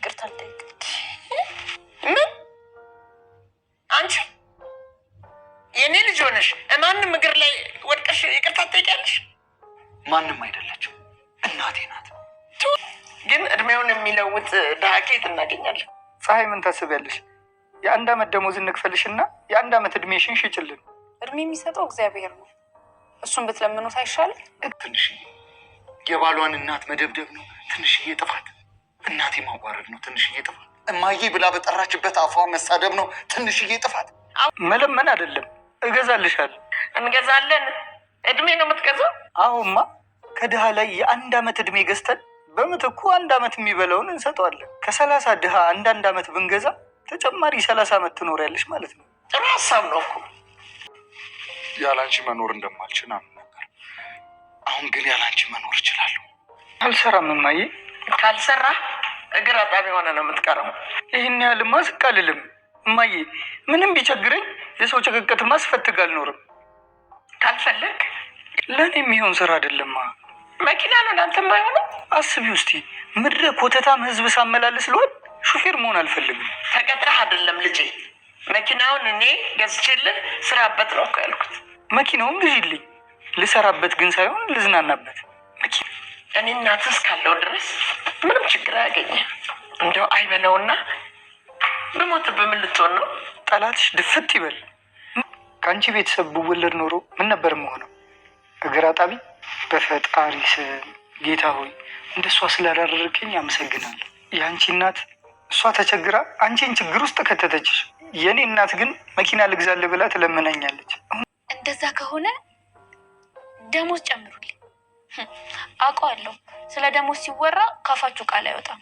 ይቅርታ አልጠይቅም። ምን አንቺ የእኔ ልጅ ሆነሽ ማንም እግር ላይ ወድቀሽ ይቅርታ ትጠይቂያለሽ? ማንም አይደለችም እናቴ ናት። ግን እድሜውን የሚለውጥ ድሃ እናገኛለን? ፀሐይ ምን ታስቢያለሽ? የአንድ አመት ደሞዝ እንክፈልሽ እና የአንድ አመት እድሜሽን ሽጭልን። እድሜ የሚሰጠው እግዚአብሔር ነው። እሱን ብትለምኑት አይሻልም? ትንሽዬ የባሏን እናት መደብደብ ነው ትንሽዬ ጥፋት እናቴ ማዋረድ ነው ትንሽዬ ጥፋት፣ እማዬ ብላ በጠራችበት አፏ መሳደብ ነው ትንሽዬ ጥፋት። መለመን አይደለም እገዛልሻለሁ። እንገዛለን። እድሜ ነው የምትገዛው? አሁንማ ከድሃ ላይ የአንድ አመት እድሜ ገዝተን በምትኩ አንድ አመት የሚበላውን እንሰጠዋለን። ከሰላሳ ድሃ አንዳንድ አመት ብንገዛ ተጨማሪ ሰላሳ ዓመት ትኖሪያለሽ ማለት ነው። ጥሩ ሀሳብ ነው እኮ ያላንቺ መኖር እንደማልችል አምን ነበር። አሁን ግን ያላንቺ መኖር እችላለሁ። አልሰራም እማዬ ካልሰራ እግር አጣቢ የሆነ ነው የምትቀረው። ይህን ያህልማ ዝቅ አልልም እማዬ፣ ምንም ቢቸግረኝ የሰው ጭቅቅትማ ስፈትግ አልኖርም። ካልፈለግ ለእኔ የሚሆን ስራ አይደለማ መኪና ነው እናንተም ባይሆነው። አስቢ ውስቲ ምድረ ኮተታም ህዝብ ሳመላልስ ልሆን ሹፌር መሆን አልፈልግም። ተቀጥረህ አይደለም ልጄ፣ መኪናውን እኔ ገዝቼልን ስራበት ነው ያልኩት። መኪናውን ግዢልኝ፣ ልሰራበት ግን ሳይሆን ልዝናናበት። መኪና እኔ እናትህ እስካለው ድረስ ምንም ችግር አያገኝም። እንደው አይበለውና ብሞት በምን ልትሆን ነው? ጠላትሽ ድፍት ይበል። ከአንቺ ቤተሰብ ብወለድ ኖሮ ምን ነበር መሆነው? እግር አጣቢ። በፈጣሪ ስም ጌታ ሆይ እንደሷ ስላላደረገኝ አመሰግናለሁ። የአንቺ እናት እሷ ተቸግራ አንቺን ችግር ውስጥ ከተተችሽ፣ የእኔ እናት ግን መኪና ልግዛል ብላ ትለምነኛለች። እንደዛ ከሆነ ደሞዝ ጨምሩልኝ። አውቀዋለሁ። ስለ ደሞዝ ሲወራ ካፋችሁ ቃል አይወጣም።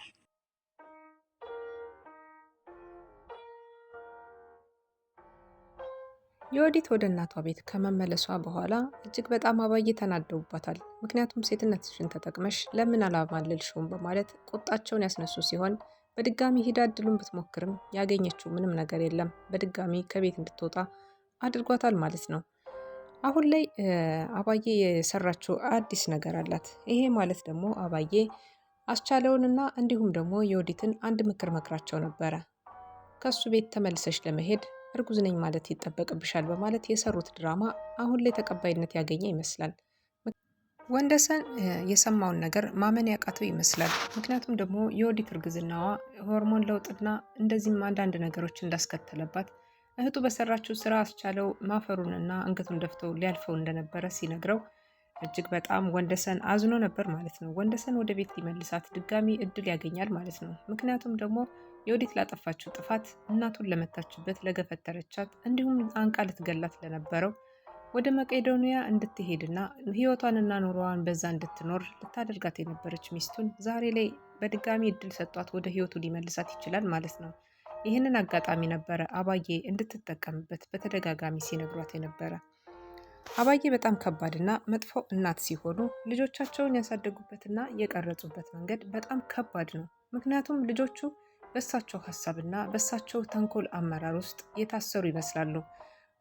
የወዲት ወደ እናቷ ቤት ከመመለሷ በኋላ እጅግ በጣም አባዬ ተናደውባታል። ምክንያቱም ሴትነትሽን ተጠቅመሽ ለምን አላማለልሽውም በማለት ቁጣቸውን ያስነሱ ሲሆን በድጋሚ ሂዳ እድሉን ብትሞክርም ያገኘችው ምንም ነገር የለም። በድጋሚ ከቤት እንድትወጣ አድርጓታል ማለት ነው። አሁን ላይ አባዬ የሰራችው አዲስ ነገር አላት። ይሄ ማለት ደግሞ አባዬ አስቻለውንና እንዲሁም ደግሞ የወዲትን አንድ ምክር መክራቸው ነበረ። ከእሱ ቤት ተመልሰሽ ለመሄድ እርጉዝ ነኝ ማለት ይጠበቅብሻል በማለት የሰሩት ድራማ አሁን ላይ ተቀባይነት ያገኘ ይመስላል። ወንደሰን የሰማውን ነገር ማመን ያቃተው ይመስላል። ምክንያቱም ደግሞ የወዲት እርግዝናዋ ሆርሞን ለውጥና እንደዚህም አንዳንድ ነገሮች እንዳስከተለባት እህቱ በሰራችው ስራ አስቻለው ማፈሩንና አንገቱን ደፍተው ሊያልፈው እንደነበረ ሲነግረው እጅግ በጣም ወንደሰን አዝኖ ነበር ማለት ነው። ወንደሰን ወደ ቤት ሊመልሳት ድጋሚ እድል ያገኛል ማለት ነው። ምክንያቱም ደግሞ የወዲት ላጠፋችው ጥፋት እናቱን ለመታችበት ለገፈተረቻት፣ እንዲሁም አንቃ ልትገላት ለነበረው ወደ መቄዶንያ እንድትሄድና ህይወቷንና ኑሮዋን በዛ እንድትኖር ልታደርጋት የነበረች ሚስቱን ዛሬ ላይ በድጋሚ እድል ሰጧት፣ ወደ ህይወቱ ሊመልሳት ይችላል ማለት ነው። ይህንን አጋጣሚ ነበረ አባዬ እንድትጠቀምበት በተደጋጋሚ ሲነግሯት የነበረ። አባዬ በጣም ከባድና መጥፎ እናት ሲሆኑ ልጆቻቸውን ያሳደጉበትና የቀረጹበት መንገድ በጣም ከባድ ነው። ምክንያቱም ልጆቹ በእሳቸው ሀሳብና በእሳቸው ተንኮል አመራር ውስጥ የታሰሩ ይመስላሉ።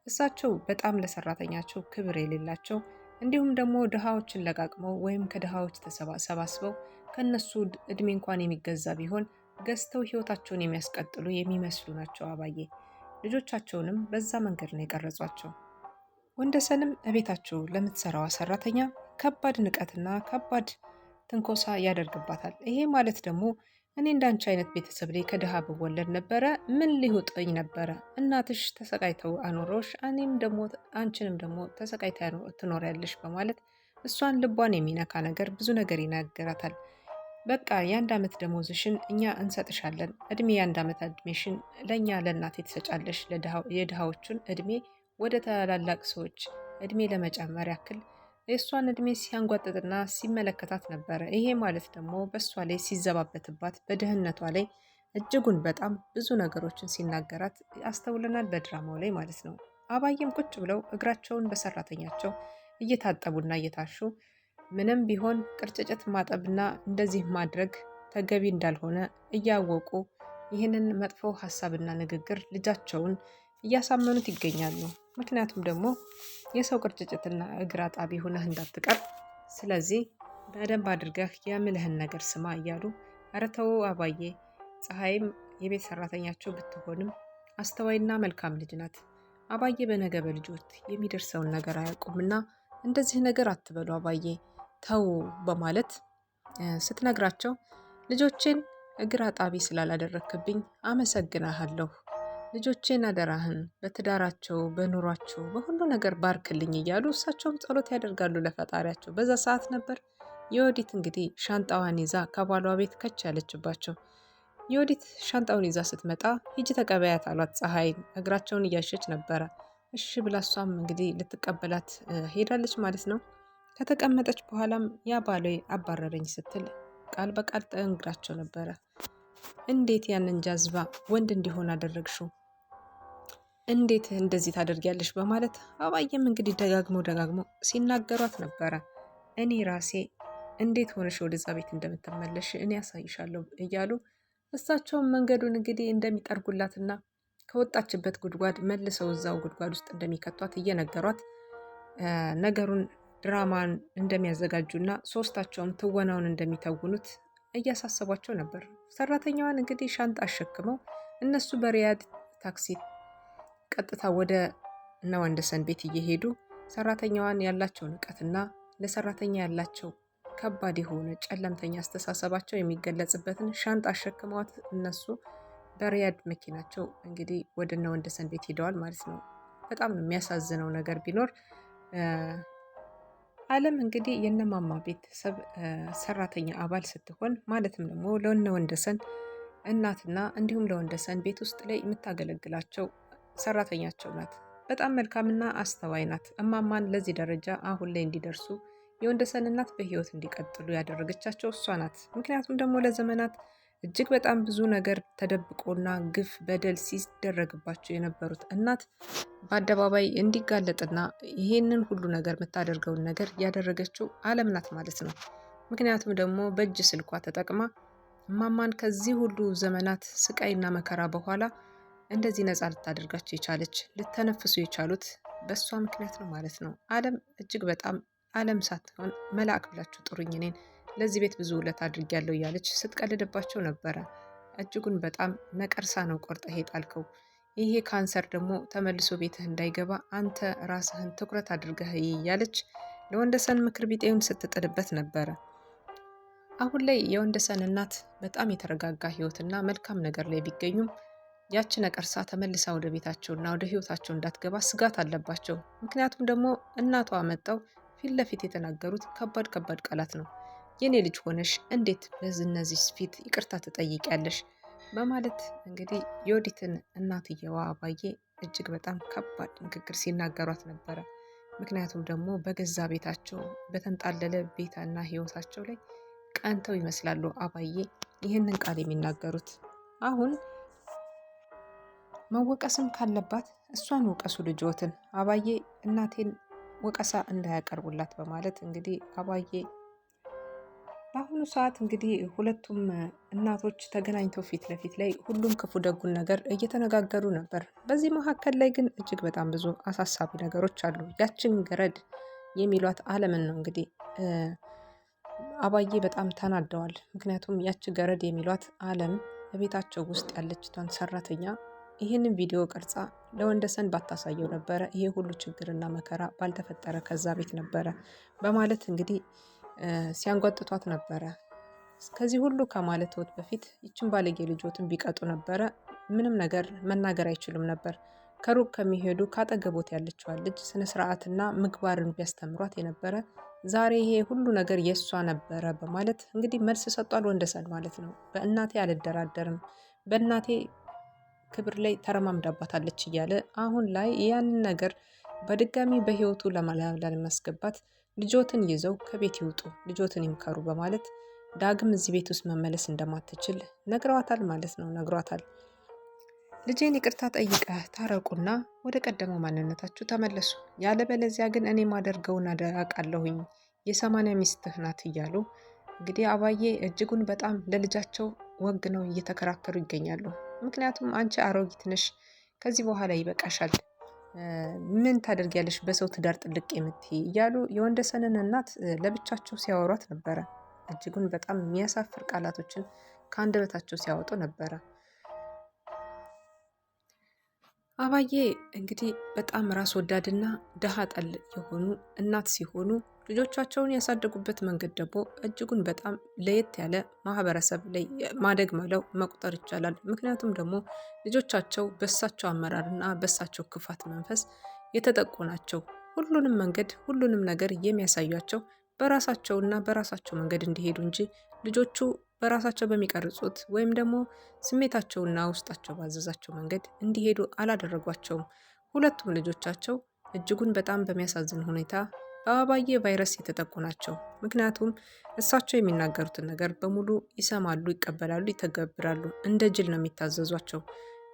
እሳቸው በጣም ለሰራተኛቸው ክብር የሌላቸው እንዲሁም ደግሞ ድሃዎችን ለቃቅመው ወይም ከድሃዎች ተሰባስበው ከእነሱ እድሜ እንኳን የሚገዛ ቢሆን ገዝተው ህይወታቸውን የሚያስቀጥሉ የሚመስሉ ናቸው አባዬ። ልጆቻቸውንም በዛ መንገድ ነው የቀረጿቸው። ወንደሰንም እቤታቸው ለምትሰራዋ ሰራተኛ ከባድ ንቀትና ከባድ ትንኮሳ ያደርግባታል። ይሄ ማለት ደግሞ እኔ እንዳንቺ አይነት ቤተሰብ ላይ ከድሃ ብወለድ ነበረ ምን ሊውጠኝ ነበረ? እናትሽ ተሰቃይተው አኖረሽ፣ እኔም ደግሞ አንቺንም ደግሞ ተሰቃይታ ትኖሪያለሽ በማለት እሷን ልቧን የሚነካ ነገር ብዙ ነገር ይናገራታል። በቃ የአንድ ዓመት ደሞዝሽን እኛ እንሰጥሻለን። እድሜ የአንድ ዓመት እድሜሽን ለእኛ ለእናቴ ትሰጫለሽ። የድሃዎቹን እድሜ ወደ ታላላቅ ሰዎች እድሜ ለመጨመር ያክል የእሷን እድሜ ሲያንጓጥጥና ሲመለከታት ነበረ። ይሄ ማለት ደግሞ በእሷ ላይ ሲዘባበትባት፣ በድህነቷ ላይ እጅጉን በጣም ብዙ ነገሮችን ሲናገራት አስተውለናል፣ በድራማው ላይ ማለት ነው። አባዬም ቁጭ ብለው እግራቸውን በሰራተኛቸው እየታጠቡና እየታሹ ምንም ቢሆን ቅርጭጭት ማጠብና እንደዚህ ማድረግ ተገቢ እንዳልሆነ እያወቁ ይህንን መጥፎ ሀሳብና ንግግር ልጃቸውን እያሳመኑት ይገኛሉ። ምክንያቱም ደግሞ የሰው ቅርጭጭትና እግር አጣቢ ሆነህ እንዳትቀር፣ ስለዚህ በደንብ አድርገህ የምልህን ነገር ስማ እያሉ ኧረ ተው አባዬ፣ ፀሐይም የቤት ሰራተኛቸው ብትሆንም አስተዋይና መልካም ልጅ ናት። አባዬ በነገ በልጆት የሚደርሰውን ነገር አያውቁምና እንደዚህ ነገር አትበሉ አባዬ ተዉ በማለት ስትነግራቸው ልጆቼን እግር አጣቢ ስላላደረክብኝ አመሰግናሃለሁ፣ ልጆቼን አደራህን በትዳራቸው በኑሯቸው በሁሉ ነገር ባርክልኝ እያሉ እሳቸውም ጸሎት ያደርጋሉ ለፈጣሪያቸው። በዛ ሰዓት ነበር የወዲት እንግዲህ ሻንጣዋን ይዛ ከባሏ ቤት ከች ያለችባቸው። የወዲት ሻንጣውን ይዛ ስትመጣ ሂጂ ተቀበያት አሏት። ፀሐይን እግራቸውን እያሸች ነበረ። እሺ ብላ እሷም እንግዲህ ልትቀበላት ሄዳለች ማለት ነው። ከተቀመጠች በኋላም ያ ባሌ አባረረኝ ስትል ቃል በቃል ተነግራቸው ነበረ። እንዴት ያንን ጃዝባ ወንድ እንዲሆን አደረግሽው? እንዴት እንደዚህ ታደርጊያለሽ? በማለት አባየም እንግዲህ ደጋግሞ ደጋግሞ ሲናገሯት ነበረ። እኔ ራሴ እንዴት ሆነሽ ወደዛ ቤት እንደምትመለሽ እኔ ያሳይሻለሁ እያሉ እሳቸውም መንገዱን እንግዲህ እንደሚጠርጉላትና ከወጣችበት ጉድጓድ መልሰው እዛው ጉድጓድ ውስጥ እንደሚከቷት እየነገሯት ነገሩን ድራማን እንደሚያዘጋጁና ሶስታቸውም ትወናውን እንደሚተውኑት እያሳሰቧቸው ነበር። ሰራተኛዋን እንግዲህ ሻንጣ አሸክመው እነሱ በሪያድ ታክሲ ቀጥታ ወደ እነ ወንደሰን ቤት እየሄዱ ሰራተኛዋን ያላቸውን ንቀትና ለሰራተኛ ያላቸው ከባድ የሆነ ጨለምተኛ አስተሳሰባቸው የሚገለጽበትን ሻንጣ አሸክመዋት እነሱ በሪያድ መኪናቸው እንግዲህ ወደ እነ ወንደሰን ቤት ሄደዋል ማለት ነው። በጣም የሚያሳዝነው ነገር ቢኖር አለም እንግዲህ የነማማ ቤተሰብ ሰራተኛ አባል ስትሆን ማለትም ደግሞ ለነ ወንደሰን እናትና እንዲሁም ለወንደሰን ቤት ውስጥ ላይ የምታገለግላቸው ሰራተኛቸው ናት። በጣም መልካምና አስተዋይ ናት። እማማን ለዚህ ደረጃ አሁን ላይ እንዲደርሱ የወንደሰን እናት በህይወት እንዲቀጥሉ ያደረገቻቸው እሷ ናት። ምክንያቱም ደግሞ ለዘመናት እጅግ በጣም ብዙ ነገር ተደብቆና ግፍ በደል ሲደረግባቸው የነበሩት እናት በአደባባይ እንዲጋለጥና ይሄንን ሁሉ ነገር የምታደርገውን ነገር ያደረገችው አለም ናት ማለት ነው። ምክንያቱም ደግሞ በእጅ ስልኳ ተጠቅማ እማማን ከዚህ ሁሉ ዘመናት ስቃይና መከራ በኋላ እንደዚህ ነፃ ልታደርጋቸው የቻለች ልተነፍሱ የቻሉት በእሷ ምክንያት ነው ማለት ነው። አለም እጅግ በጣም አለም ሳትሆን መልአክ ብላችሁ ጥሩኝ እኔን ለዚህ ቤት ብዙ ውለት አድርጊያለሁ እያለች ስትቀልድባቸው ነበረ። እጅጉን በጣም ነቀርሳ ነው ቆርጠህ የጣልከው። ይሄ ካንሰር ደግሞ ተመልሶ ቤትህ እንዳይገባ አንተ ራስህን ትኩረት አድርገህ እያለች ለወንደሰን ምክር ቢጤውን ስትጥልበት ነበረ። አሁን ላይ የወንደሰን እናት በጣም የተረጋጋ ህይወትና መልካም ነገር ላይ ቢገኙም ያች ነቀርሳ ተመልሳ ወደ ቤታቸውና ወደ ህይወታቸው እንዳትገባ ስጋት አለባቸው። ምክንያቱም ደግሞ እናቷ መጠው ፊት ለፊት የተናገሩት ከባድ ከባድ ቃላት ነው። የኔ ልጅ ሆነሽ እንዴት ለእነዚህ ፊት ይቅርታ ትጠይቂያለሽ? በማለት እንግዲህ የወዲትን እናትየዋ አባዬ እጅግ በጣም ከባድ ንግግር ሲናገሯት ነበረ። ምክንያቱም ደግሞ በገዛ ቤታቸው በተንጣለለ ቤታና ህይወታቸው ላይ ቀንተው ይመስላሉ አባዬ ይህንን ቃል የሚናገሩት። አሁን መወቀስም ካለባት እሷን ውቀሱ ልጆትን አባዬ እናቴን ወቀሳ እንዳያቀርቡላት በማለት እንግዲህ አባዬ በአሁኑ ሰዓት እንግዲህ ሁለቱም እናቶች ተገናኝተው ፊት ለፊት ላይ ሁሉም ክፉ ደጉን ነገር እየተነጋገሩ ነበር። በዚህ መካከል ላይ ግን እጅግ በጣም ብዙ አሳሳቢ ነገሮች አሉ። ያችን ገረድ የሚሏት አለምን ነው እንግዲህ አባዬ በጣም ተናደዋል። ምክንያቱም ያች ገረድ የሚሏት አለም በቤታቸው ውስጥ ያለችቷን ሰራተኛ ይህንን ቪዲዮ ቅርጻ ለወንደሰን ባታሳየው ነበረ ይሄ ሁሉ ችግርና መከራ ባልተፈጠረ ከዛ ቤት ነበረ በማለት እንግዲህ ሲያንጓጥቷት ነበረ። ከዚህ ሁሉ ከማለትዎት በፊት ይችን ባለጌ ልጆትን ቢቀጡ ነበረ ምንም ነገር መናገር አይችሉም ነበር። ከሩቅ ከሚሄዱ ካጠገቦት ያለችዋን ልጅ ስነ ስርዓትና ምግባርን ቢያስተምሯት የነበረ ዛሬ ይሄ ሁሉ ነገር የእሷ ነበረ በማለት እንግዲህ መልስ ሰጧል ወንደሰን ማለት ነው። በእናቴ አልደራደርም፣ በእናቴ ክብር ላይ ተረማምዳባታለች እያለ አሁን ላይ ያንን ነገር በድጋሚ በህይወቱ ለማስገባት ልጆትን ይዘው ከቤት ይውጡ፣ ልጆትን ይምከሩ በማለት ዳግም እዚህ ቤት ውስጥ መመለስ እንደማትችል ነግረዋታል ማለት ነው። ነግሯታል። ልጄን ይቅርታ ጠይቀ ታረቁና ወደ ቀደመው ማንነታችሁ ተመለሱ፣ ያለበለዚያ ግን እኔ ማደርገውን አደራቃለሁኝ የሰማንያ ሚስትህ ናት እያሉ እንግዲህ አባዬ እጅጉን በጣም ለልጃቸው ወግ ነው እየተከራከሩ ይገኛሉ። ምክንያቱም አንቺ አሮጊት ነሽ፣ ከዚህ በኋላ ይበቃሻል ምን ታደርጊያለሽ በሰው ትዳር ጥልቅ የምትይ እያሉ የወንደሰንን እናት ለብቻቸው ሲያወሯት ነበረ። እጅጉን በጣም የሚያሳፍር ቃላቶችን ከአንደበታቸው ሲያወጡ ነበረ። አባዬ እንግዲህ በጣም ራስ ወዳድና ድሃ ጠል የሆኑ እናት ሲሆኑ ልጆቻቸውን ያሳደጉበት መንገድ ደግሞ እጅጉን በጣም ለየት ያለ ማህበረሰብ ላይ ማደግ መለው መቁጠር ይቻላል። ምክንያቱም ደግሞ ልጆቻቸው በሳቸው አመራርና በሳቸው ክፋት መንፈስ የተጠቁ ናቸው። ሁሉንም መንገድ ሁሉንም ነገር የሚያሳያቸው በራሳቸውና በራሳቸው መንገድ እንዲሄዱ እንጂ ልጆቹ በራሳቸው በሚቀርጹት ወይም ደግሞ ስሜታቸውና ውስጣቸው ባዘዛቸው መንገድ እንዲሄዱ አላደረጓቸውም። ሁለቱም ልጆቻቸው እጅጉን በጣም በሚያሳዝን ሁኔታ በአበባዬ ቫይረስ የተጠቁ ናቸው። ምክንያቱም እሳቸው የሚናገሩትን ነገር በሙሉ ይሰማሉ፣ ይቀበላሉ፣ ይተገብራሉ። እንደ ጅል ነው የሚታዘዟቸው።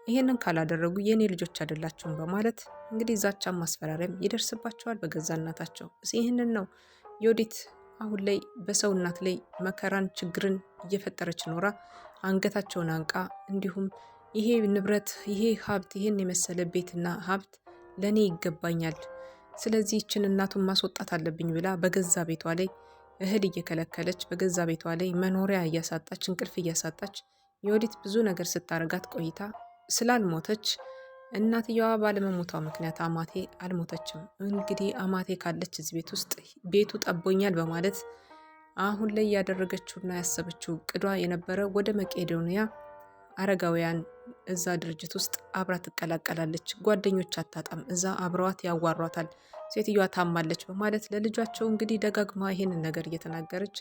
ይህንን ካላደረጉ የእኔ ልጆች አይደላቸውም በማለት እንግዲህ ዛቻም ማስፈራሪያም ይደርስባቸዋል በገዛ እናታቸው። ይህንን ነው የወዲት አሁን ላይ በሰው እናት ላይ መከራን፣ ችግርን እየፈጠረች ኖራ አንገታቸውን አንቃ እንዲሁም ይሄ ንብረት ይሄ ሀብት ይህን የመሰለ ቤትና ሀብት ለእኔ ይገባኛል፣ ስለዚህ ይችን እናቱን ማስወጣት አለብኝ ብላ በገዛ ቤቷ ላይ እህል እየከለከለች በገዛ ቤቷ ላይ መኖሪያ እያሳጣች እንቅልፍ እያሳጣች የወዲት ብዙ ነገር ስታረጋት ቆይታ ስላልሞተች እናትየዋ ባለመሞቷ ምክንያት አማቴ አልሞተችም። እንግዲህ አማቴ ካለች እዚህ ቤት ውስጥ ቤቱ ጠቦኛል በማለት አሁን ላይ ያደረገችውና ያሰበችው ቅዷ የነበረ ወደ መቄዶንያ አረጋውያን እዛ ድርጅት ውስጥ አብራ ትቀላቀላለች። ጓደኞች አታጣም፣ እዛ አብረዋት ያዋሯታል። ሴትዮዋ ታማለች በማለት ለልጃቸው እንግዲህ ደጋግማ ይሄንን ነገር እየተናገረች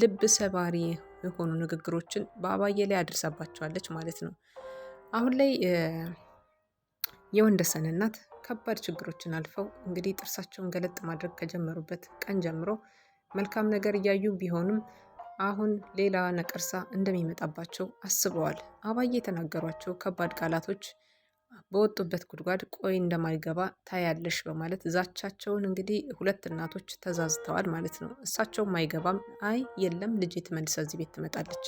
ልብ ሰባሪ የሆኑ ንግግሮችን በአባዬ ላይ አድርሳባቸዋለች ማለት ነው አሁን ላይ የወንደሰን እናት ከባድ ችግሮችን አልፈው እንግዲህ ጥርሳቸውን ገለጥ ማድረግ ከጀመሩበት ቀን ጀምሮ መልካም ነገር እያዩ ቢሆንም አሁን ሌላ ነቀርሳ እንደሚመጣባቸው አስበዋል። አባዬ የተናገሯቸው ከባድ ቃላቶች በወጡበት ጉድጓድ ቆይ እንደማይገባ ታያለሽ በማለት ዛቻቸውን እንግዲህ ሁለት እናቶች ተዛዝተዋል ማለት ነው። እሳቸውም አይገባም፣ አይ የለም ልጄ ትመልሳ እዚህ ቤት ትመጣለች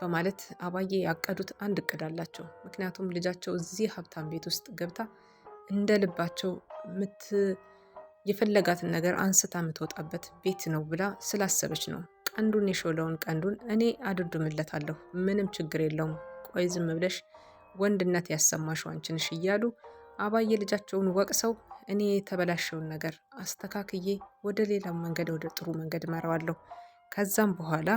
በማለት አባዬ ያቀዱት አንድ እቅድ አላቸው። ምክንያቱም ልጃቸው እዚህ ሀብታም ቤት ውስጥ ገብታ እንደ ልባቸው ምት የፈለጋትን ነገር አንስታ የምትወጣበት ቤት ነው ብላ ስላሰበች ነው። ቀንዱን የሾለውን ቀንዱን እኔ አድርዱምለታለሁ፣ ምንም ችግር የለውም፣ ቆይ ዝም ብለሽ ወንድነት ያሰማሽ ዋንችንሽ እያሉ አባዬ ልጃቸውን ወቅሰው እኔ የተበላሸውን ነገር አስተካክዬ ወደ ሌላው መንገድ ወደ ጥሩ መንገድ መረዋለሁ ከዛም በኋላ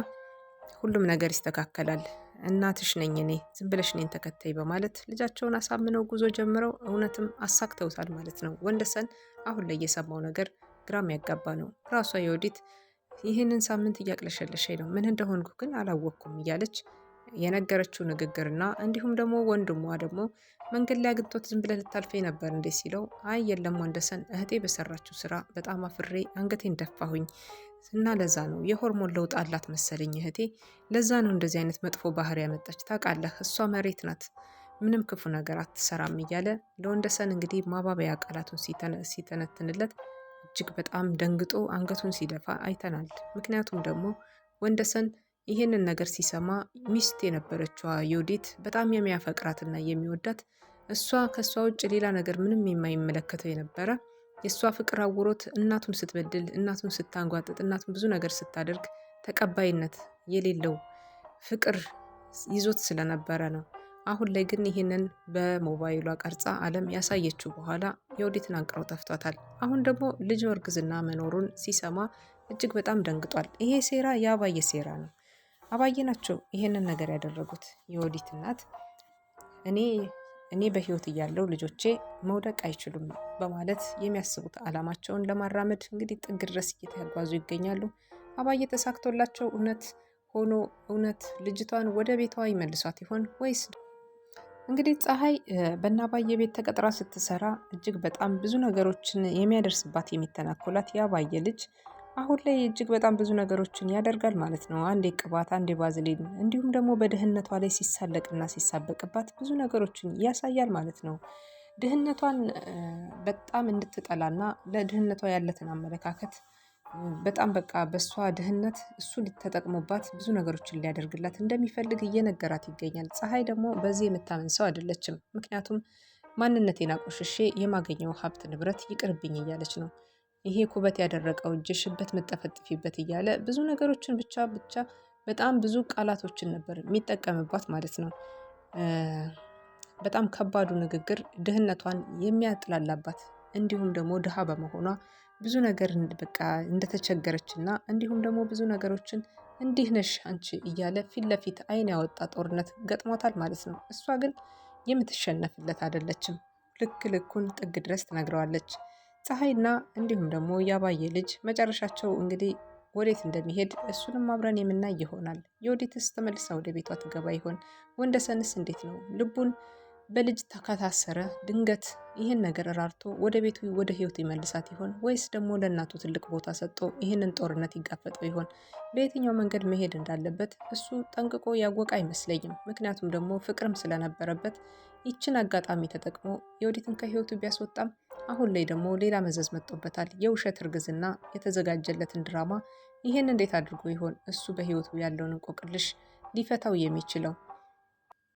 ሁሉም ነገር ይስተካከላል፣ እናትሽ ነኝ እኔ ዝም ብለሽ እኔን ተከተይ በማለት ልጃቸውን አሳምነው ጉዞ ጀምረው እውነትም አሳክተውታል ማለት ነው። ወንደሰን አሁን ላይ የሰማው ነገር ግራም ያጋባ ነው። ራሷ የወዲት ይህንን ሳምንት እያቅለሸለሸኝ ነው፣ ምን እንደሆንኩ ግን አላወቅኩም እያለች የነገረችው ንግግርና እንዲሁም ደግሞ ወንድሟ ደግሞ መንገድ ላይ አግኝቶት ዝም ብለህ ልታልፈኝ ነበር እንዴ ሲለው፣ አይ የለም ወንደሰን፣ እህቴ በሰራችው ስራ በጣም አፍሬ አንገቴን ደፋሁኝ እና ለዛ ነው የሆርሞን ለውጥ አላት መሰለኝ እህቴ። ለዛ ነው እንደዚህ አይነት መጥፎ ባህሪ ያመጣች። ታውቃለህ፣ እሷ መሬት ናት፣ ምንም ክፉ ነገር አትሰራም እያለ ለወንደሰን እንግዲህ ማባበያ ቃላቱን ሲተነትንለት እጅግ በጣም ደንግጦ አንገቱን ሲደፋ አይተናል። ምክንያቱም ደግሞ ወንደሰን ይህንን ነገር ሲሰማ ሚስት የነበረችዋ ዮዲት በጣም የሚያፈቅራትና የሚወዳት እሷ ከእሷ ውጭ ሌላ ነገር ምንም የማይመለከተው የነበረ የእሷ ፍቅር አውሮት እናቱን ስትበድል፣ እናቱን ስታንጓጥጥ፣ እናቱን ብዙ ነገር ስታደርግ ተቀባይነት የሌለው ፍቅር ይዞት ስለነበረ ነው። አሁን ላይ ግን ይህንን በሞባይሏ ቀርጻ አለም ያሳየችው በኋላ የወዴትን አንቅረው ጠፍቷታል። አሁን ደግሞ ልጅ እርግዝና መኖሩን ሲሰማ እጅግ በጣም ደንግጧል። ይሄ ሴራ የአባየ ሴራ ነው። አባዬ ናቸው ይህንን ነገር ያደረጉት የወዲት እናት እኔ እኔ በህይወት እያለው ልጆቼ መውደቅ አይችሉም በማለት የሚያስቡት አላማቸውን ለማራመድ እንግዲህ ጥግ ድረስ እየተጓዙ ይገኛሉ። አባዬ ተሳክቶላቸው እውነት ሆኖ እውነት ልጅቷን ወደ ቤቷ ይመልሷት ይሆን ወይስ? እንግዲህ ፀሐይ በአባዬ ቤት ተቀጥራ ስትሰራ እጅግ በጣም ብዙ ነገሮችን የሚያደርስባት የሚተናኮላት የአባዬ ልጅ አሁን ላይ እጅግ በጣም ብዙ ነገሮችን ያደርጋል ማለት ነው። አንዴ ቅባት፣ አንዴ ባዝሊን እንዲሁም ደግሞ በድህነቷ ላይ ሲሳለቅና ሲሳበቅባት ብዙ ነገሮችን ያሳያል ማለት ነው። ድህነቷን በጣም እንድትጠላና ለድህነቷ ያለትን አመለካከት በጣም በቃ በእሷ ድህነት እሱ ልተጠቅሙባት ብዙ ነገሮችን ሊያደርግላት እንደሚፈልግ እየነገራት ይገኛል። ፀሐይ ደግሞ በዚህ የምታምን ሰው አይደለችም። ምክንያቱም ማንነቴን አቆሽሼ የማገኘው ሀብት ንብረት ይቅርብኝ እያለች ነው። ይሄ ኩበት ያደረቀው ሽበት መጠፈጥፊበት እያለ ብዙ ነገሮችን ብቻ ብቻ በጣም ብዙ ቃላቶችን ነበር የሚጠቀምባት ማለት ነው። በጣም ከባዱ ንግግር ድህነቷን የሚያጥላላባት እንዲሁም ደግሞ ድሃ በመሆኗ ብዙ ነገር በቃ እንደተቸገረች እና እንዲሁም ደግሞ ብዙ ነገሮችን እንዲህ ነሽ አንቺ እያለ ፊት ለፊት አይን ያወጣ ጦርነት ገጥሟታል ማለት ነው። እሷ ግን የምትሸነፍለት አይደለችም። ልክ ልኩን ጥግ ድረስ ትነግረዋለች። ፀሐይና እንዲሁም ደግሞ ያባየ ልጅ መጨረሻቸው እንግዲህ ወዴት እንደሚሄድ እሱንም አብረን የምናይ ይሆናል። የወዴትስ ተመልሳ ወደ ቤቷ ትገባ ይሆን? ወንደሰንስ እንዴት ነው ልቡን በልጅ ከታሰረ ድንገት ይህን ነገር ራርቶ ወደ ቤቱ ወደ ህይወቱ ይመልሳት ይሆን ወይስ ደግሞ ለእናቱ ትልቅ ቦታ ሰጥቶ ይህንን ጦርነት ይጋፈጠው ይሆን? በየትኛው መንገድ መሄድ እንዳለበት እሱ ጠንቅቆ ያወቀ አይመስለኝም። ምክንያቱም ደግሞ ፍቅርም ስለነበረበት ይችን አጋጣሚ ተጠቅሞ የወዴትን ከህይወቱ ቢያስወጣም አሁን ላይ ደግሞ ሌላ መዘዝ መጥቶበታል። የውሸት እርግዝና የተዘጋጀለትን ድራማ ይህን እንዴት አድርጎ ይሆን እሱ በህይወቱ ያለውን እንቆቅልሽ ሊፈታው የሚችለው?